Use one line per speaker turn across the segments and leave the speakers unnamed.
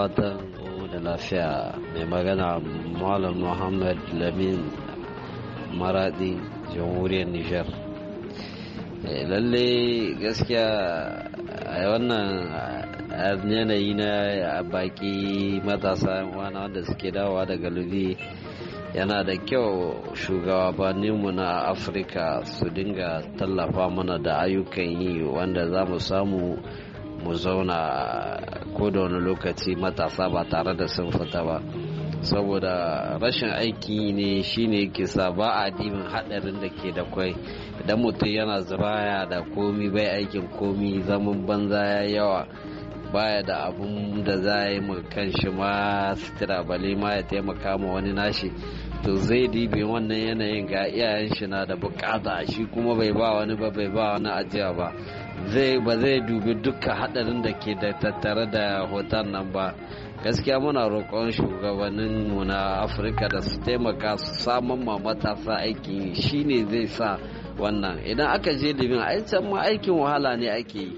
fatan ku da lafiya mai magana malam muhammad lamin maradi jamhuriyar nijar lalle gaskiya a wannan yanayi na baki matasa wana wanda suke dawa daga lubi yana da kyau shugabanninmu na afirka su dinga tallafa mana da ayyukan yi wanda za mu samu mu zauna ko da wani lokaci matasa ba tare da sun fita ba saboda rashin aiki ne shine ke sa ba a dimin hadarin da ke da kwai idan mutum yana ziraya da komi bai aikin komi zaman banza ya yawa baya da abun da za a yi kan shi ma sitira bale ma ya taimaka ma wani nashi to zai dibe wannan yanayin ga iyayen shi na da bukata shi kuma bai ba wani ba bai ba wani ajiya ba zai ba zai dubi duka hadarin da ke da tattare da hoton nan ba gaskiya muna roƙon shugabannin mu na afirka da su taimaka su samun ma matasa aiki shine zai sa wannan idan aka je libin ai can ma aikin wahala ne ake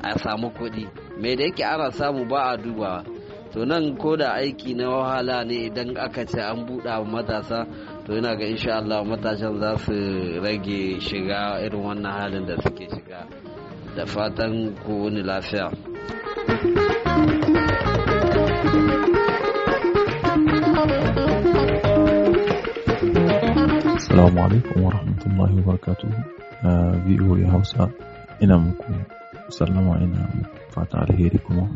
a samu kuɗi mai da yake ana samu ba a dubawa to nan ko da aiki na wahala ne idan aka ce an buɗa matasa to ina ga insha Allah matasan za su rage shiga irin wannan halin da suke shiga da fatan ku wani lafiya
Assalamu alaikum wa rahmatullahi wa barakatuhu a VOA Hausa ina muku sallama ina muku fata alheri kuma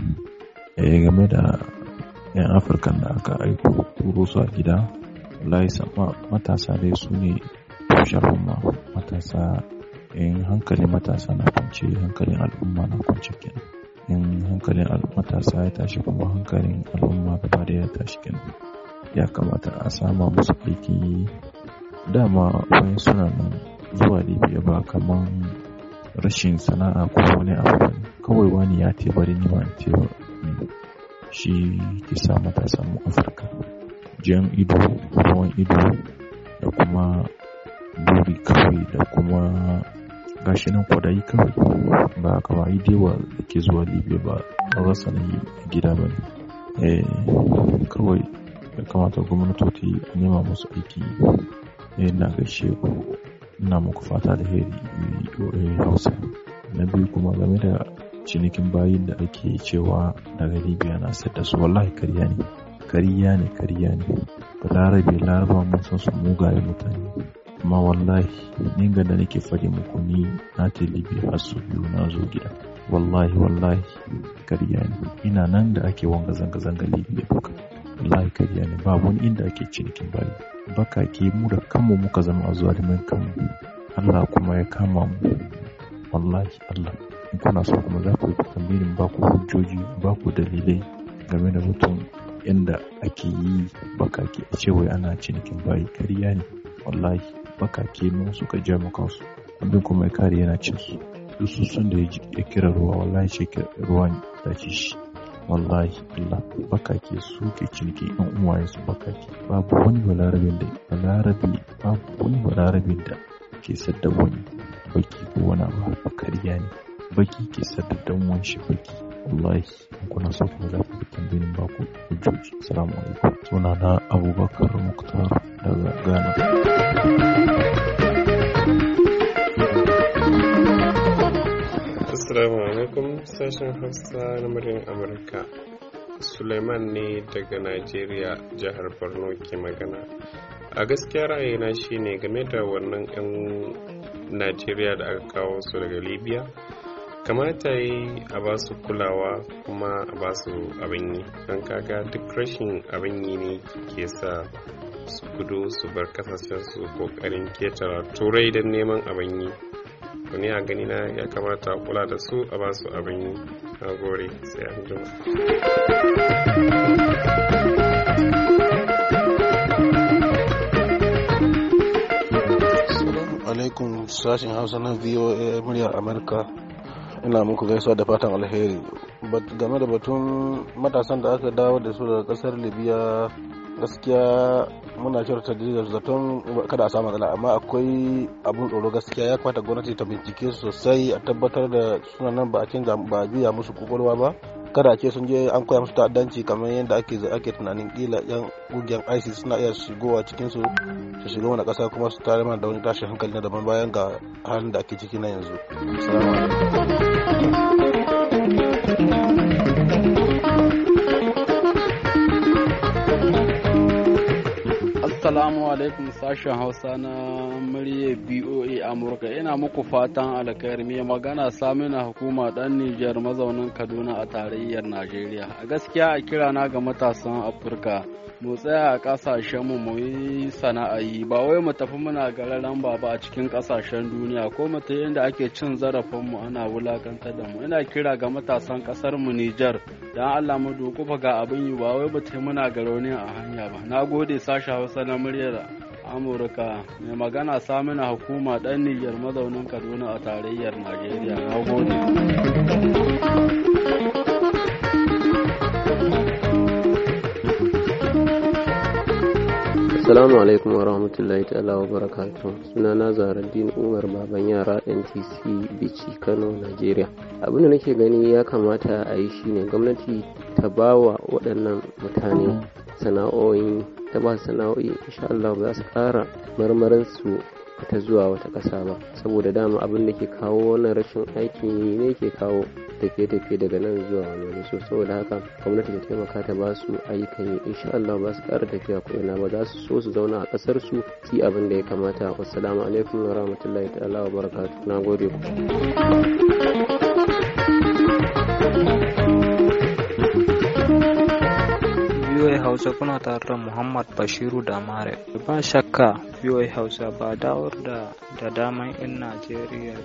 eh, game da 'yan Afirka da aka aiko turo su a gida layi matasa dai su ne matasa in hankalin matasa na kwance hankalin al'umma na kwance kenan in hankalin matasa ya tashi kuma hankalin al'umma gaba da ya tashi kenan ya kamata a sama musu aiki dama wani suna nan zuwa libya ba kamar rashin sana'a ko wani abu kawai wani ya tebari ni ba shi ke sa matasa mu afirka jan ido ruwan ido da kuma buri kawai da kuma gashi nan kwadayi kawai ba kamar dewa ke zuwa libya ba a rasa na gida ba ne eh, kawai ya kamata gwamnatoci a nema masu aiki eh, na gaishe ku ina muku fata da heri eh, hausa na biyu kuma game da cinikin bayin da ake cewa daga libya na da su wallahi kariya ne kariya ne kariya ne balarabe laraba mun su mugaye mutane amma wallahi ga da nake fari muku ni na ce libi har su biyu na zo gida wallahi wallahi karya ne ina nan da ake wanga zanga-zanga ya duka wallahi karya ne ba wani inda ake cinikin bayi bakake mu da kanmu muka zama a zuwa kanmu allah kuma ya kama mu wallahi allah in kuna so kuma za ku yi tambayin ba ku hujjoji ba ku dalilai game da mutum inda ake yi ke a cewa ana cinikin bayi karya ne wallahi bakake mun suka ja mu kansu abin kuma ya kare yana cin su duk sussun da ya kira ruwa wallahi shi ruwa da ci shi wallahi Allah bakake su ke ciniki yan uwaye su bakake babu wani balarabin da balarabi babu wani balarabin da ke sadda wani baki ko wani abu bakariya ne baki ke sadda dan wani shi baki wallahi in kuna so kuma za ku tambayin ba ku hujjoji assalamu alaikum sunana Abubakar Muktar daga
Ghana
sashen hausa na muryar amurka suleiman ne daga najeriya jihar borno ke magana a gaskiya ra'ayina shine game da wannan 'yan najeriya da aka kawo su daga libya kamata yi a ba su kulawa kuma a ba su abin yi don kaga duk rashin abin yi ne ke sa su gudu su bar kasashen su kokarin ketara turai don neman abin yi to ni a gani na ya kamata kula da su a basu abin yi na gore sai an jima
alaikum sashen hausa na voa muryar amurka ina muku gaisuwa da fatan alheri game da batun matasan da aka dawo da su daga kasar libya gaskiya muna kyauta da zaton kada a samu matsala amma akwai abun tsoro gaskiya ya kwata gwamnati ta bincike su sosai a tabbatar da suna nan ba a canza ba biya musu kokolwa ba kada ke sun je an koya musu ta'addanci kamar yadda ake ake tunanin kila yan ƙungiyar isis suna iya shigowa cikin su su shiga wani kasa kuma su tare mana da wani tashin hankali na daban bayan ga halin da ake ciki na yanzu
alaikum sashen Hausa na murya BOA Amurka ina muku fatan alkhairi mai magana Samina hukuma dan Nijar mazaunin Kaduna a tarayyar Najeriya. A gaskiya a kira na ga matasan Afirka mu tsaya a kasashen mu mu yi yi ba wai mu tafi muna gararan ba ba a cikin kasashen duniya ko mu ta inda ake cin zarafin mu ana wulakanta da mu ina kira ga matasan kasar mu Nijar dan Allah mu dokufa ga abin yi ba wai mu ta muna ne a hanya ba. na gode sashen Hausa na muryar amurka mai magana samina hukuma ɗan niger mazaunin kaduna a tarayyar
najeriya na gode
Assalamu alaikum wa rahmatullahi ta'ala wa barakatu suna na din Umar baban yara NTC Bici Kano Najeriya. Abin da nake gani ya kamata a yi shine gwamnati ta bawa waɗannan mutane sana'o'in ba su sana'o'i insha Allah ba za su ƙara marmarin su ta zuwa wata ƙasa ba saboda dama abin da ke kawo wannan rashin aikin yi ne ke kawo tafiye-tafiye daga nan zuwa wani wani so saboda haka gwamnati ta taimaka ta ba su ayyukan yi insha Allah ba su ƙara tafiya ko ina ba za su so su zauna a ƙasar su yi abin da ya kamata wassalamu alaikum wa rahmatullahi ta'ala wa barakatuh na gode ku
hausa kuna tare da muhammad bashiru da mare
ba shakka
voa hausa ba dawar da da daman 'yan najeriya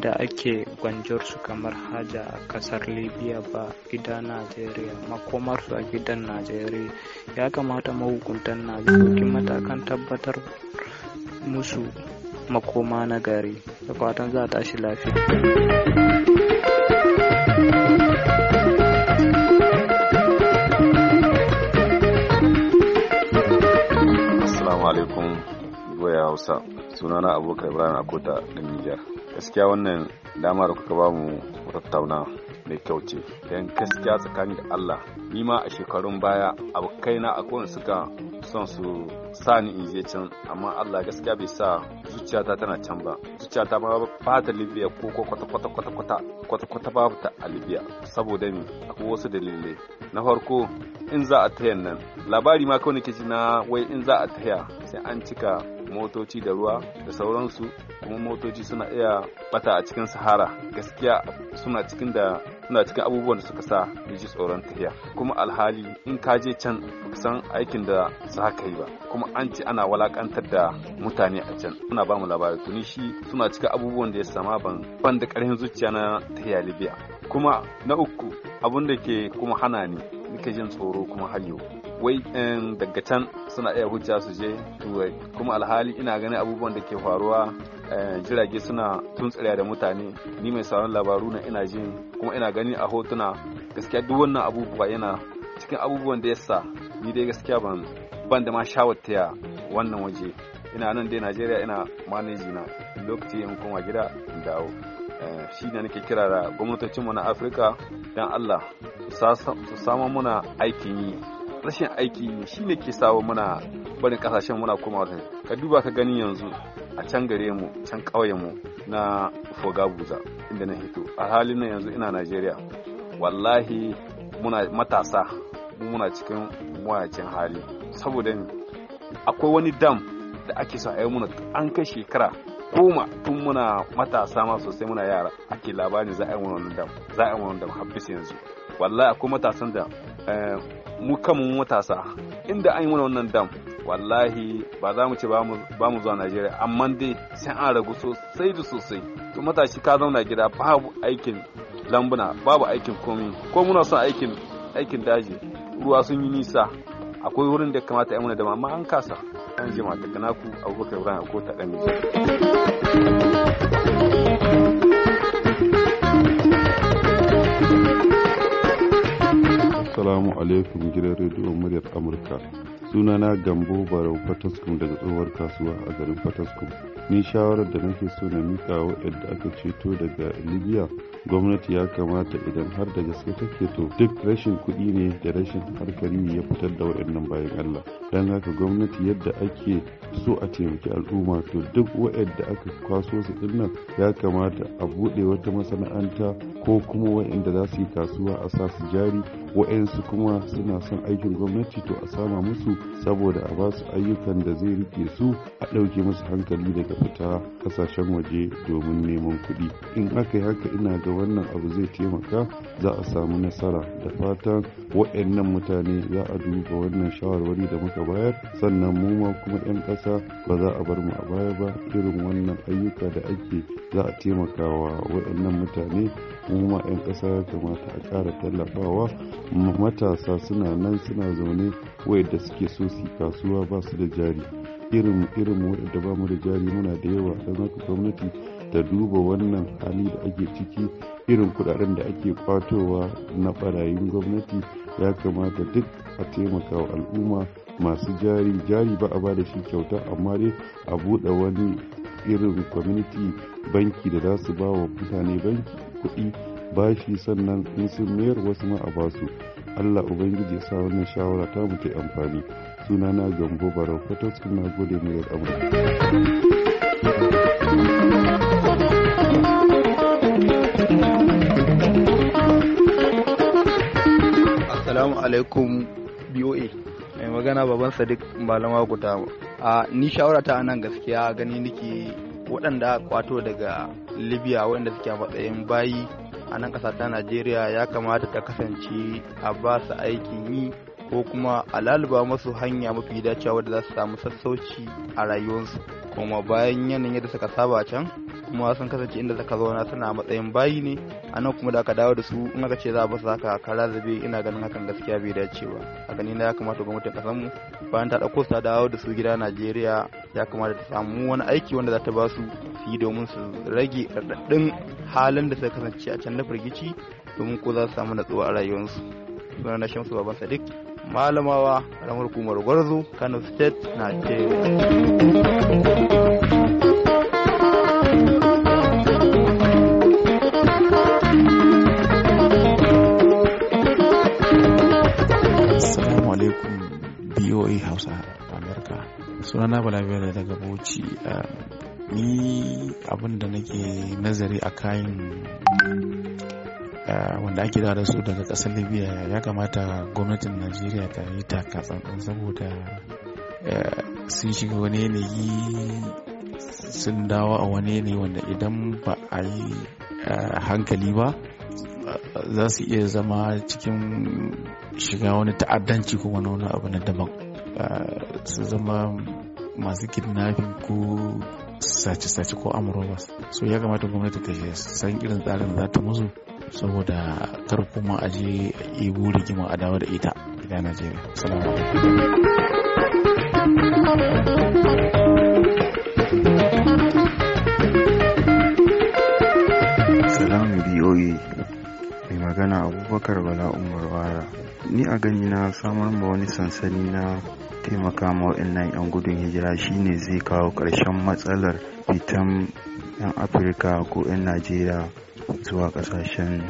da ake gwanjar su kamar haja a kasar libya ba gida najeriya makomar su a gidan najeriya ya kamata mahukuntan najeriya matakan tabbatar musu makoma na gari da fatan za a tashi lafiya
alaikum goya Hausa sunana Abubakar Ibrahim Akota da Nijar. Gaskiya wannan dama da kuka bamu tattauna mai kyau ce don gaskiya tsakani da Allah ni ma a shekarun baya abokaina a kowane suka son su sa ni in je can amma Allah gaskiya bai sa zuciyata tana can ba zuciyata ma ba ta Libya ko ko kwata kwata kwata kwata kwata kwata ba ta a Libya saboda ni akwai wasu dalilai na farko in za a tayan nan labari ma kawai nake ji na wai in za a taya sai an cika motoci da ruwa da sauransu kuma motoci suna iya bata a cikin sahara gaskiya suna cikin da suna cikin abubuwan da suka sa ji tsoron tafiya kuma alhali in ka je can san aikin da za ka yi ba kuma an ce ana walakantar da mutane a can suna ba mu labari tuni shi suna cikin abubuwan da ya sama ban ban da karfin zuciya na tafiya libya kuma na uku abun da ke kuma hana ni nika jin tsoro kuma har yau wai daga can suna iya hujja su je turai kuma alhali ina ganin abubuwan da ke faruwa eh, jirage suna tuntsira da mutane ni mai sauran labaru na ina jin kuma ina gani a hotuna gaskiya duk wannan abubuwa yana cikin abubuwan da yasa ni dai gaskiya ban ban da ma shawartaya wannan waje ina nan dai najeriya ina manaji na lokaci in koma gida in dawo eh, shi ne nake kira da gwamnatocinmu na afirka don allah su samu muna aikin yi rashin aiki shine ke sawa muna barin kasashen muna koma wata ka duba ka gani yanzu a can gare mu can ƙauyen mu na Fogabuza inda na hito a halin nan yanzu ina Najeriya wallahi muna matasa muna cikin mawacin hali saboda akwai wani dam da ake so a muna an kai shekara goma tun muna matasa ma sosai muna yara ake labarin za a yi wani dam za a yi wani dam habbis yanzu wallahi akwai matasan da eh, mu kanmu matasa inda an yi mana wannan dam wallahi ba za mu ce ba mu zuwa Najeriya amma dai sai an ragu sosai da sosai to matashi ka zauna gida babu aikin lambuna babu aikin komi ko muna son aikin daji ruwa sun yi nisa akwai wurin da kamata ya muna dama amma an kasa an jima daga naku abubakar ibrahim ko ta dan
Assalamu alaikum gidan rediyon muryar Amurka. Sunana Gambo Barau Fataskum daga tsohuwar kasuwa a garin Fataskum. Ni shawarar da nake so na mika wa yadda aka ceto daga Libya gwamnati ya kamata idan har da gaske take to duk rashin kuɗi ne da rashin harkar ya fitar da waɗannan bayan Allah don haka gwamnati yadda ake so a taimaki al'umma to duk waɗanda aka kwaso su dinnan ya kamata a buɗe wata masana'anta ko kuma waɗanda za su yi kasuwa a sa su jari waɗansu kuma suna son aikin gwamnati to a sama musu saboda a ba su ayyukan da zai rike su a ɗauke musu hankali daga fita ƙasashen waje domin neman kuɗi in aka yi haka ina ga wannan abu zai taimaka za a samu nasara da fatan waɗannan mutane za a duba wannan shawarwari da muka bayar sannan mu ma kuma 'yan ƙasa ba za a bar mu a baya ba irin wannan ayyuka da ake za a wa waɗannan mutane mu ma 'yan ƙasa ya kamata a ƙara tallafawa matasa suna nan suna zaune wayanda suke so su kasuwa ba su da jari irin irin ba mu da jari muna da yawa don haka gwamnati da duba wannan hali da ake ciki irin kudaden da ake kwatowa na barayin gwamnati ya kamata duk a taimaka wa al'umma masu jari jari ba a ba da shi kyauta amma dai a buɗe wani irin community banki da za su ba wa mutane banki kuɗi bashi sannan in sun mayar wasu ma a basu allah ubangiji sa wannan shawara ta mutu ta amfani na gambo barau fatos na gode mu da amurka
Assalamu alaikum BOA. Mai magana baban Sadiq Malama Guta. A ni shawara ta nan gaskiya gani nake waɗanda kwato daga Libya waɗanda suke matsayin bayi a nan ƙasa ta Najeriya ya kamata ta kasance a ba su aikin yi ko kuma a laluba masu hanya mafi dacewa wadda za su samu sassauci a rayuwarsu. kuma bayan yanayin yadda suka saba can kuma sun kasance inda suka zauna suna matsayin bayi ne a nan kuma da aka dawo da su in aka ce za a basu haka kara zabe ina ganin hakan gaskiya bai dace ba a gani na ya kamata gwamnatin kasar mu bayan ta dauko su ta dawo da su gida Najeriya ya kamata ta samu wani aiki wanda za ta ba su yi domin su rage raɗaɗin halin da suka kasance a can na firgici domin ko za su samu natsuwa a rayuwarsu suna na shan su baban sadiq malamawa ramar hukumar gwarzo kano state na ce
sunana balabe daga bauchi ah, ni abin da nake nazari a kayan ah, wanda ake da su daga kasar libya ya kamata gwamnatin najeriya ta yi takatsantsan saboda eh, sun shiga wani yanayi sun dawo a wani yanayi wanda idan ba a yi ah, hankali ba za su iya zama cikin shiga wani ta'addanci ko wani abu na daban su zama masu kidnapping ko sace-sace ko amurobas so ya kamata gwamnati ta san irin tsarin za ta musu saboda kar kuma a je ibu rigima a dawo da ita gida najeriya salamu salamu biyoyi e. mai magana abubakar bala umar wara ni a gani na samar ba wani sansani na taimaka ma waɗannan 'yan gudun hijira shine zai kawo ƙarshen matsalar fitan 'yan afirka ko 'yan najeriya zuwa ƙasashen